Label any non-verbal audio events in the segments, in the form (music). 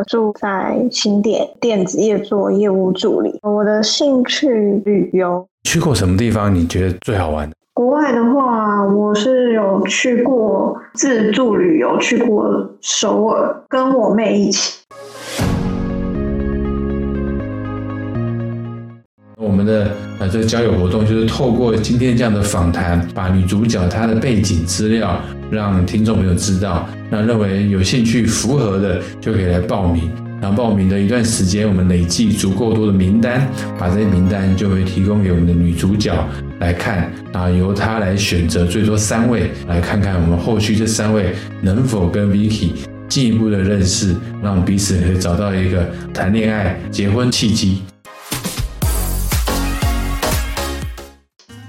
我住在新店電子業做業務助理。我的興趣旅遊，去過什麼地方？你覺得最好玩的？國外的話，我是有去過自助旅遊，去過首爾，跟我妹一起。我們的呃，這個交友活動就是透過今天這樣的訪談，把女主角她的背景資料。讓聽眾朋友知道，那認為有興趣符合的就可以來報名。然後報名的一段時間，我們累計足夠多的名單，把這些名單就會提供給我們的女主角來看，然後由她來選擇最多三位，來看看我們後續這三位能否跟 Vicky 進一步的認識，讓彼此可以找到一個談戀愛、結婚契機。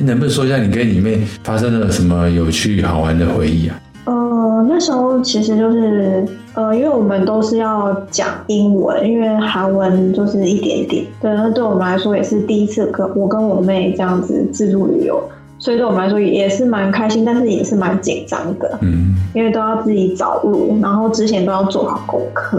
你能不能說一下你跟你妹發生了什麼有趣好玩的回憶啊？呃，那時候其實就是呃，因為我們都是要講英文，因為韓文就是一點點。對，那對我們來說也是第一次跟我跟我妹這樣子自助旅遊，所以對我們來說也是蠻開心，但是也是蠻緊張的。嗯，因為都要自己找路，然後之前都要做好功課。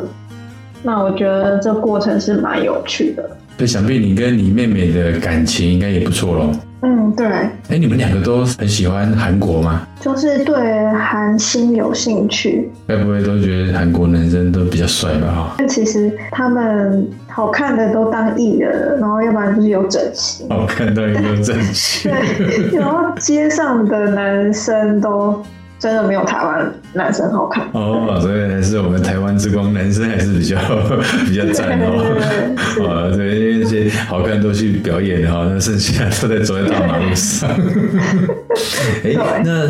那我覺得這過程是蠻有趣的。對，想必你跟你妹妹的感情應該也不錯咯。嗯，對。哎，你們兩個都很喜歡韓國嗎？就是對韓星有興趣。該不會都覺得韓國男生都比較帥吧？其實他們好看的都當藝人，然後要不然就是有整形。好看的有整形。 (laughs) 然後街上的男生都。真的沒有台灣男生好看哦，所以還是我們台灣之光對 男生還是比較對 比較讚哦。啊，對，因為那些好看都去表演哈，那剩下，都在走在大馬路上。哎，那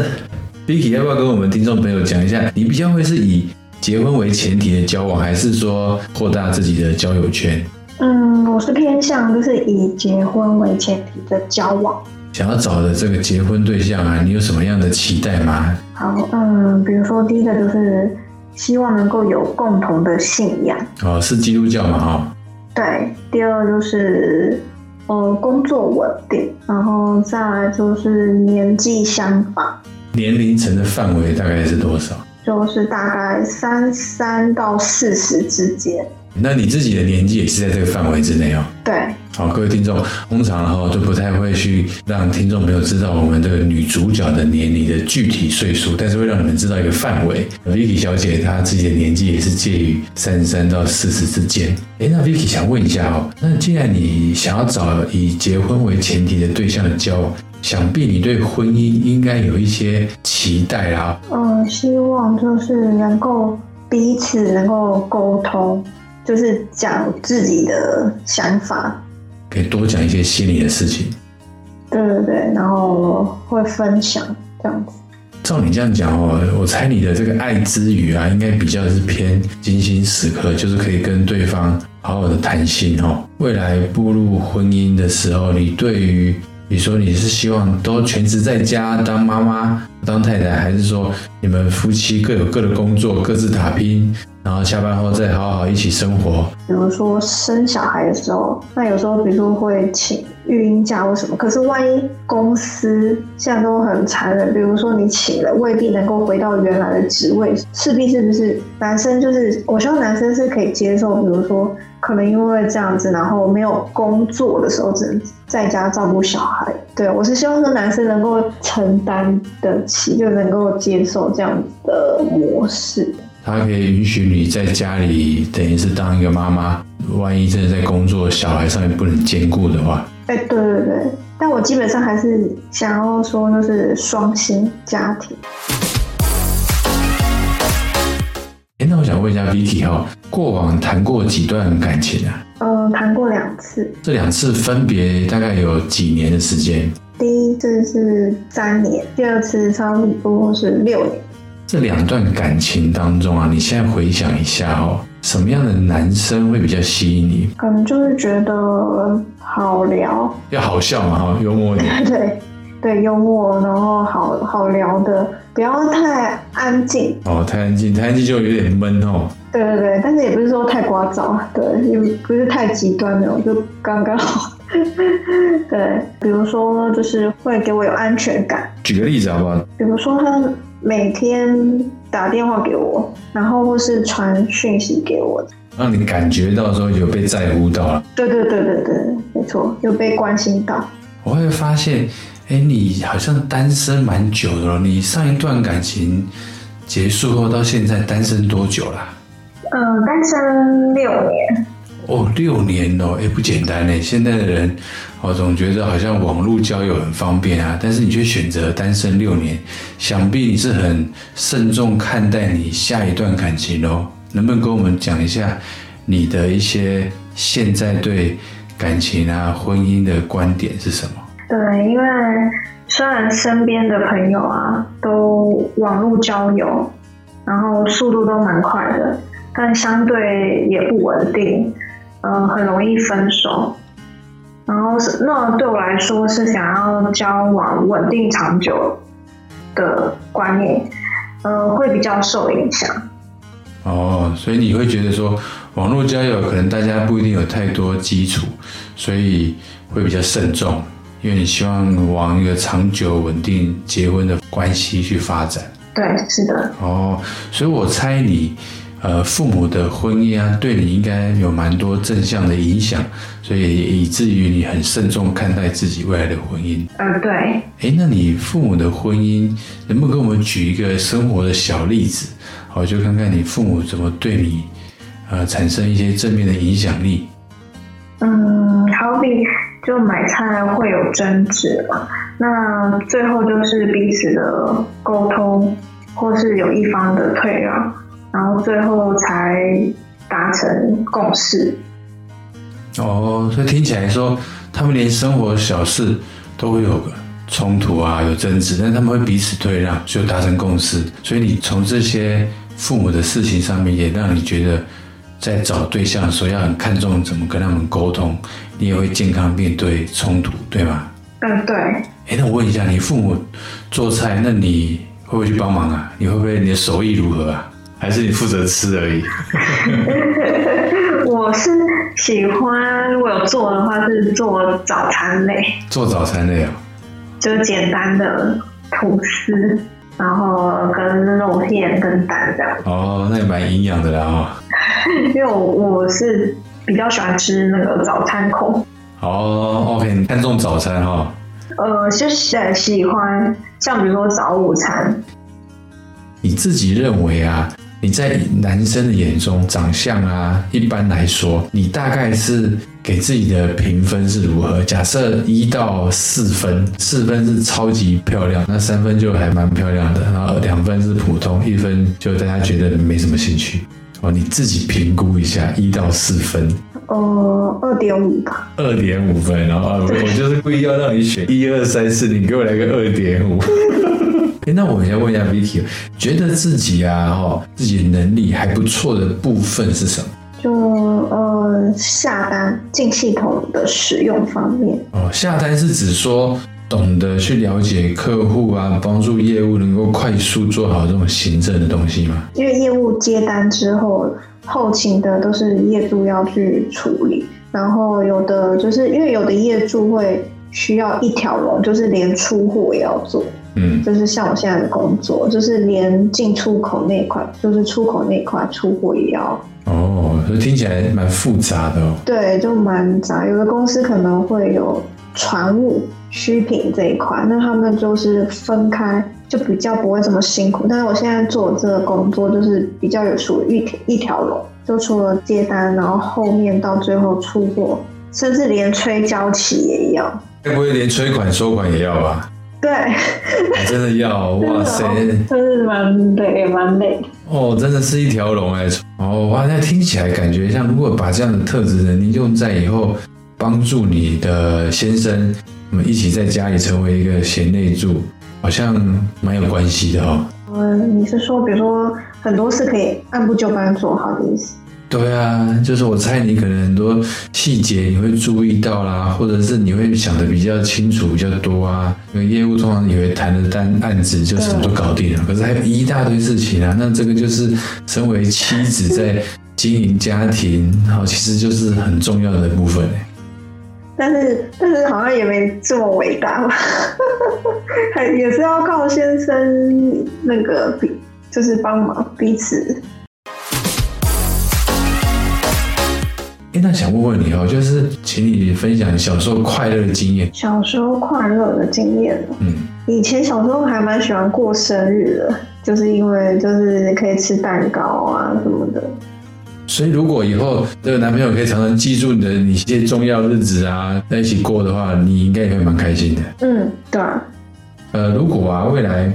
Vicky 要不要跟我們聽眾朋友講一下，你比較會是以結婚為前提的交往，還是說擴大自己的交友圈？嗯，我是偏向就是以結婚為前提的交往。想要找的這個結婚對象啊，你有什麼樣的期待嗎？好，嗯，比如說第一個就是希望能夠有共同的信仰，哦，是基督教嘛，哦，哈。對，第二個就是呃工作穩定，然後再來就是年紀相仿。年齡層的範圍大概是多少？就是大概三三到四十之間。那你自己的年紀也是在這個範圍之內哦。對，好，各位聽眾通常哈都不太會去讓聽眾朋友知道我們這個女主角的年齡的具體歲數，但是會讓你們知道一個範圍。Vicky 小姐她自己的年紀也是介於三十三到四十之間。哎，那 Vicky 想問一下哦，那既然你想要找以結婚為前提的對象的交往，想必你對婚姻應該有一些期待啦。嗯，希望就是能夠彼此能夠溝通。就是講自己的想法，可以多講一些心裡的事情。對對對，然後會分享這樣子。照你這樣講哦，我猜你的這個愛之語啊，應該比較是偏精心時刻，就是可以跟對方好好的談心哦。未來步入婚姻的時候，你對於，比如說你是希望都全職在家當媽媽。當太太，還是說你們夫妻各有各的工作，各自打拼，然後下班後再好好一起生活。比如說生小孩的時候，那有時候比如說會請育嬰假或什麼，可是萬一公司現在都很殘忍，比如說你請了，未必能夠回到原來的職位，勢必是不是？男生就是，我希望男生是可以接受，比如說。可能因為這樣子，然後沒有工作的時候只能在家照顧小孩。對，我是希望說男生能夠承擔得起，就能夠接受這樣子的模式。他可以允許你在家裡等於是當一個媽媽，萬一真的在工作小孩上面不能兼顧的話。欸，對對對。但我基本上還是想要說就是雙薪家庭。那我想問一下 Vicky 哈，過往談過幾段感情啊？嗯、呃，談過兩次。這兩次分別大概有幾年的時間？第一次是三年，第二次差不多是六年。這兩段感情當中啊，你現在回想一下哦，什麼樣的男生會比較吸引你？可能就是覺得好聊，要好笑嘛，哈，幽默一點。 (laughs) 對。對幽默，然後好好聊的，不要太安靜哦。太安靜，太安靜就有點悶哦。對對對，但是也不是說太聒噪，對，也不是太極端的，我就剛剛好。對，比如說，就是會給我有安全感。舉個例子好不好？比如說他每天打電話給我，然後或是傳訊息給我，讓你感覺到說有被在乎到了。對對對對對，沒錯，有被關心到。我會發現。哎，你好像單身蠻久的嘍。你上一段感情結束後到現在單身多久啦？呃，單身六年。哦，六年嘍、哦，哎，不簡單呢，現在的人，我、哦、總覺得好像網絡交友很方便啊，但是你卻選擇單身六年，想必你是很慎重看待你下一段感情嘍、哦。能不能跟我們講一下你的一些現在對感情啊、婚姻的觀點是什麼？對，因為雖然身邊的朋友啊都網絡交友，然後速度都蠻快的，但相對也不穩定，嗯、呃，很容易分手。然後是那對我來說是想要交往穩定長久的觀念，呃，會比較受影響。哦，所以你會覺得說網絡交友可能大家不一定有太多基礎，所以會比較慎重。因為你希望往一個長久穩定結婚的關係去發展，對，是的。哦，所以我猜你，呃，父母的婚姻啊，對你應該有蠻多正向的影響，所以以至於你很慎重看待自己未來的婚姻。呃，對。哎，那你父母的婚姻，能不能給我們舉一個生活的小例子？我就看看你父母怎麼對你，呃，產生一些正面的影響力。嗯，好比。就買菜會有爭執嘛？那最後就是彼此的溝通，或是有一方的退讓，然後最後才達成共識。哦，所以聽起來說，他們連生活小事都會有衝突啊，有爭執，但他們會彼此退讓，就達成共識。所以你從這些父母的事情上面，也讓你覺得。在找對象的時候，要很看重怎麼跟他們溝通，你也會健康面對衝突，對嗎？嗯，對。欸，那我問一下，你父母做菜，那你會不會去幫忙啊？你會不會你的手藝如何啊？還是你負責吃而已？ (laughs) (laughs) 我是喜歡，如果有做的話是做早餐類。做早餐類啊、哦，就是簡單的吐司，然後跟肉片跟蛋這樣。哦，那也蠻營養的啦哦。因為我，我是比較喜歡吃那個早餐控。哦，OK，你看中早餐哈、哦。呃，就是喜歡，像比如說早午餐。你自己認為啊，你在男生的眼中長相啊，一般來說，你大概是給自己的評分是如何？假設一到四分，四分是超級漂亮，那三分就還蠻漂亮的，然後兩分是普通，一分就大家覺得沒什麼興趣。哦，你自己評估一下，一到四分。呃，哦，二點五吧。二點五分，然後我就是故意要讓你選一二三四，你給我來個二點五。誒，那我先問一下 Vicky，覺得自己啊哈、哦，自己能力還不錯的部分是什麼？就呃，下單進系統的使用方面。哦，下單是指說。懂得去了解客戶啊，幫助業務能夠快速做好這種行政的東西嗎？因為業務接單之後，後勤的都是業主要去處理。然後有的就是因為有的業主會需要一條龍，就是連出貨也要做。嗯，就是像我現在的工作，就是連進出口那塊，就是出口那塊出貨也要。哦，所以聽起來蠻複雜的哦。對，就蠻雜。有的公司可能會有。船務、需品這一塊，那他們就是分開，就比較不會這麼辛苦。但是我現在做這個工作，就是比較有屬於一條龍，就除了接單，然後後面到最後出貨，甚至連催交期也要，該不會連催款、收款也要吧？對、哦，真的要， (laughs) 真的哦、哇塞，就是蠻累，蠻累。哦，真的是一條龍哎，哦，哇，那聽起來感覺像，如果把這樣的特質能力用在以後。幫助你的先生，我們一起在家裡成為一個賢內助，好像蠻有關係的哦、喔。你是說，比如說很多事可以按部就班做好的意思？對啊，就是我猜你可能很多細節你會注意到啦，或者是你會想得比較清楚比較多啊。因為業務通常以為談的單案子就什麼都搞定了，啊、可是還有一大堆事情啊。那這個就是身為妻子在經營家庭，然後， (laughs) 其實就是很重要的部分、欸。但是但是好像也沒這麼偉大吧，哈哈哈哈哈，還也是要靠先生那個，就是幫忙彼此。哎、欸，那想問問你哦，就是請你分享你小時候快樂的經驗。小時候快樂的經驗，嗯，以前小時候還蠻喜歡過生日的，就是因為就是可以吃蛋糕啊什麼的。所以，如果以後這個男朋友可以常常記住你的一些重要日子啊，在一起過的話，你應該也會蠻開心的。嗯，對啊。呃，如果啊，未來，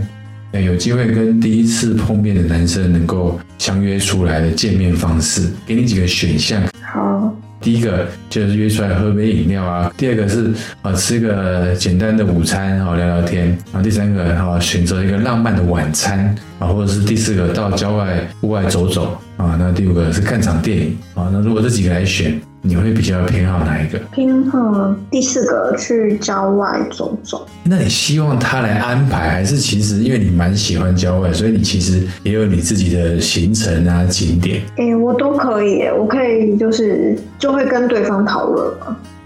有機會跟第一次碰面的男生能夠相約出來的見面方式，給你幾個選項。好，第一個就是約出來喝杯飲料啊，第二個是啊吃一個簡單的午餐啊聊聊天啊，第三個啊選擇一個浪漫的晚餐啊，或者是第四個到郊外戶外走走啊，那第五個是看場電影啊。那如果這幾個來選。你會比較偏好哪一個？偏好第四個，去郊外走走。那你希望他來安排，還是其實因為你蠻喜歡郊外，所以你其實也有你自己的行程啊、景點？哎、欸，我都可以，我可以就是就會跟對方討論。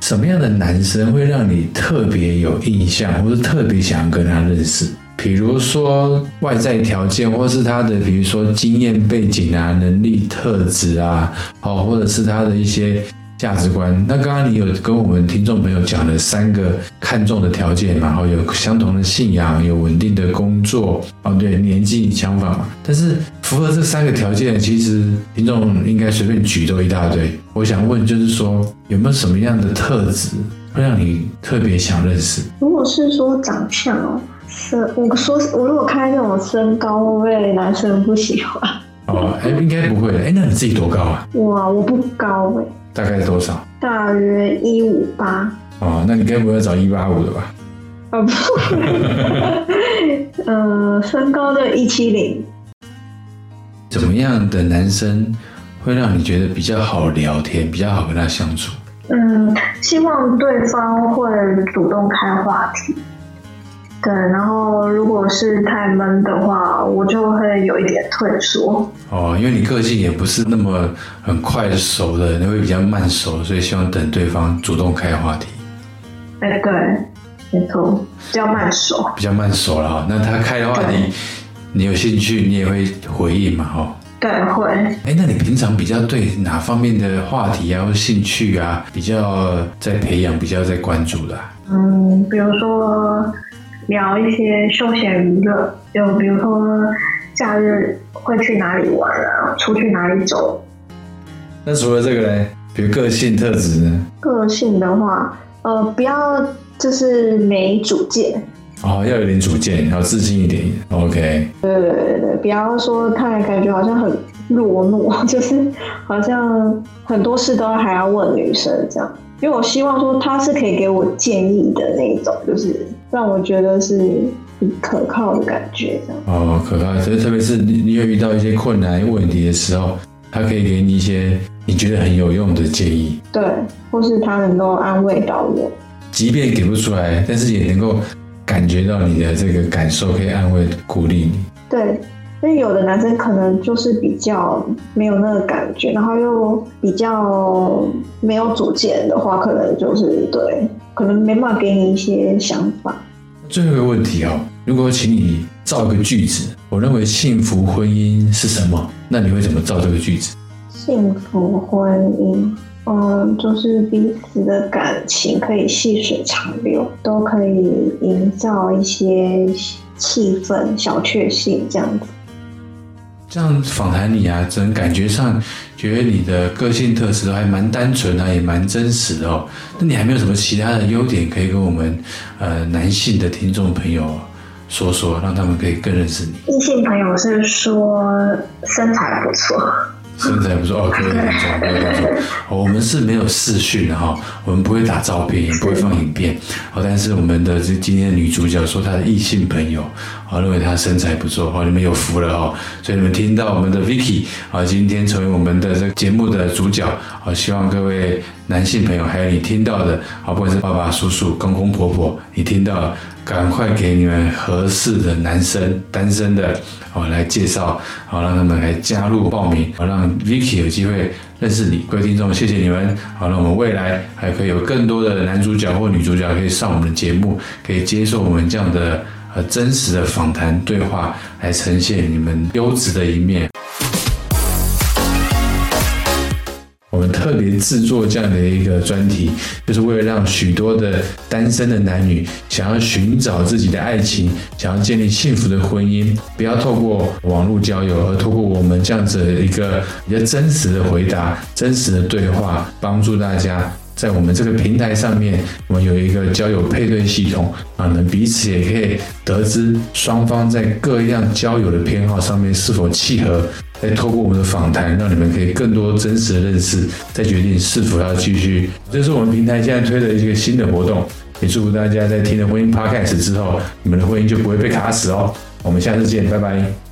什麼樣的男生會讓你特別有印象，或是特別想要跟他認識？比如說外在條件，或是他的比如說經驗背景啊、能力特質啊、哦，或者是他的一些，價值觀。那剛剛你有跟我們聽眾朋友講了三個看重的條件，然後有相同的信仰，有穩定的工作，哦對，年紀相仿。但是符合這三個條件，其實聽眾應該隨便舉都一大堆。我想問，就是說有沒有什麼樣的特質會讓你特別想認識？如果是說長相哦，是。我說我如果看這種身高，會不會男生不喜歡？哦，哎，應該不會哎，那你自己多高啊？哇，我不高、欸大概多少？大約一五八。哦，那你該不會找一八五的吧？哦不， (laughs) (laughs) 呃，身高就一七零。怎麼樣的男生會讓你覺得比較好聊天，比較好跟他相處？嗯，希望對方會主動開話題。對，然後如果是太悶的話，我就會有一點退縮。哦，因為你個性也不是那麼很快熟的，你會比較慢熟，所以希望等對方主動開話題。哎，對，沒錯，比較慢熟。比較慢熟啦，那他開的話題對，你有興趣，你也會回應嘛，哦，吼。對，會。哎，那你平常比較對哪方面的話題啊，或興趣啊，比較在培養，比較在關注的？啊？嗯，比如說。聊一些休閒娛樂，就比如說假日會去哪裡玩，啊，出去哪裡走。那除了這個呢？比如個性特質呢？個性的話，呃，不要就是沒主見。哦，要有點主見，要自信一點。OK。對對對對，不要說他來感覺好像很懦弱，就是好像很多事都還要問女生這樣，因為我希望說他是可以給我建議的那一種，就是。讓我覺得是可靠的感覺，這樣哦，可靠。所以特別是你有遇到一些困難問題的時候，他可以給你一些你覺得很有用的建議，對，或是他能夠安慰到我，即便給不出來，但是也能夠感覺到你的這個感受，可以安慰鼓勵你。對，因為有的男生可能就是比較沒有那個感覺，然後又比較沒有主見的話，可能就是對。可能沒辦法給你一些想法。最後一個問題啊、哦，如果請你造一個句子，我認為幸福婚姻是什麼？那你會怎麼造這個句子？幸福婚姻，嗯，就是彼此的感情可以細水長流，都可以營造一些氣氛，小確幸這樣子。這樣訪談你啊，整感覺上覺得你的個性特質還蠻單純啊，也蠻真實的哦。那你還沒有什麼其他的優點可以跟我們，呃，男性的聽眾朋友說說，讓他們可以更認識你。異性朋友是說身材不錯。身材不錯哦，各位觀眾，各位觀眾、 (laughs) 哦，我們是沒有視訊的哈，我們不會打照片，也不會放影片，哦、但是我們的這今天的女主角說她的異性朋友、哦，認為她身材不錯，哦，你們有福了哦。所以你們聽到我們的 Vicky 啊、哦，今天成為我們的這個節目的主角，哦、希望各位。男性朋友，還有你聽到的，好，不管是爸爸、叔叔、公公、婆婆，你聽到了，趕快給你們合適的男生、單身的，好來介紹，好讓他們來加入報名，好讓 Vicky 有機會認識你，各位聽眾，謝謝你們，好讓我們未來還可以有更多的男主角或女主角可以上我們的節目，可以接受我們這樣的呃真實的訪談對話，來呈現你們優質的一面。我們特別制作這樣的一個專題，就是為了讓許多的單身的男女想要尋找自己的愛情，想要建立幸福的婚姻，不要透過網絡交友，而透過我們這樣子的一個比較真實的回答、真實的對話，幫助大家在我們這個平台上面，我們有一個交友配對系統啊，能彼此也可以得知雙方在各樣交友的偏好上面是否契合。再透過我們的訪談，讓你們可以更多真實的認識，再決定是否要繼續。這是我們平台現在推的一個新的活動，也祝福大家在聽了婚姻 Pacast 之後，你們的婚姻就不會被卡死哦。我們下次見，拜拜。